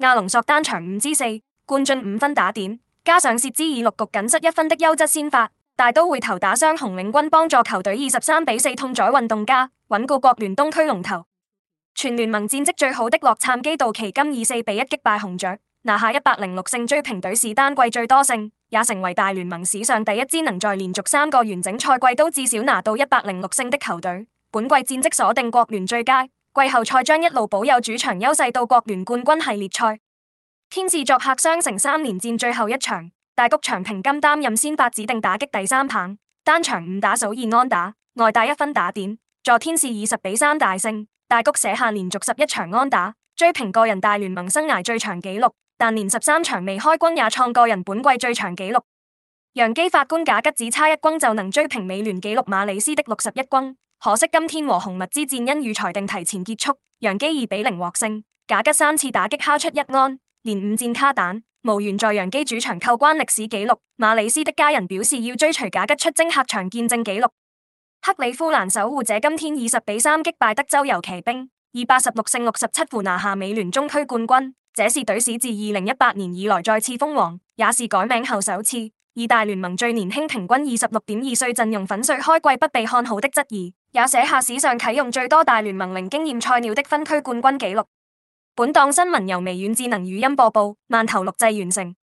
亞隆索單場五支四，灌進五分打點，加上薛之以六局僅失一分的優質先發，大都會投打雙雄領軍幫助球隊二十三比四痛宰運動家，穩固國聯東區龍頭。全聯盟戰績最好的洛杉磯道奇今以四比一擊敗紅雀，拿下一百零六勝追平隊史單季最多勝，也成為大聯盟史上第一支能在連續三個完整賽季都至少拿到一百零六勝的球隊。本季戰績鎖定國聯最佳。季後賽將一路保有主場優勢到國聯冠軍系列賽。天使作客雙城三連戰最後一場，大谷翔平今擔任先發指定打擊第三棒，單場五打數二安打，外帶一分打點。助天使以十比三大勝，大谷寫下連續十一場安打，追平個人大聯盟生涯最長紀錄，但連十三場未開軍也創個人本季最長紀錄。洋基法官賈吉只差一軍就能追平美聯紀錄馬里斯的六十一軍，可惜今天和紅襪之戰因雨裁定提前結束，洋基二比零獲勝，賈吉三次打擊敲出一安，連五戰卡蛋，無緣在洋基主場叩關歷史紀錄。馬里斯的家人表示要追隨賈吉出征客場見證紀錄。克里夫蘭守護者今天二十比三擊敗德州遊騎兵，以八十六勝六十七負拿下美聯中區冠軍，這是隊史自二零一八年以來再次封王，也是改名後首次。以大聯盟最年輕平均二十六點二歲陣容粉碎開季不被看好的質疑，也寫下史上啟用最多大聯盟零經驗菜鳥的分區冠軍紀錄。本檔新聞由微軟智能語音播報，慢頭錄製完成。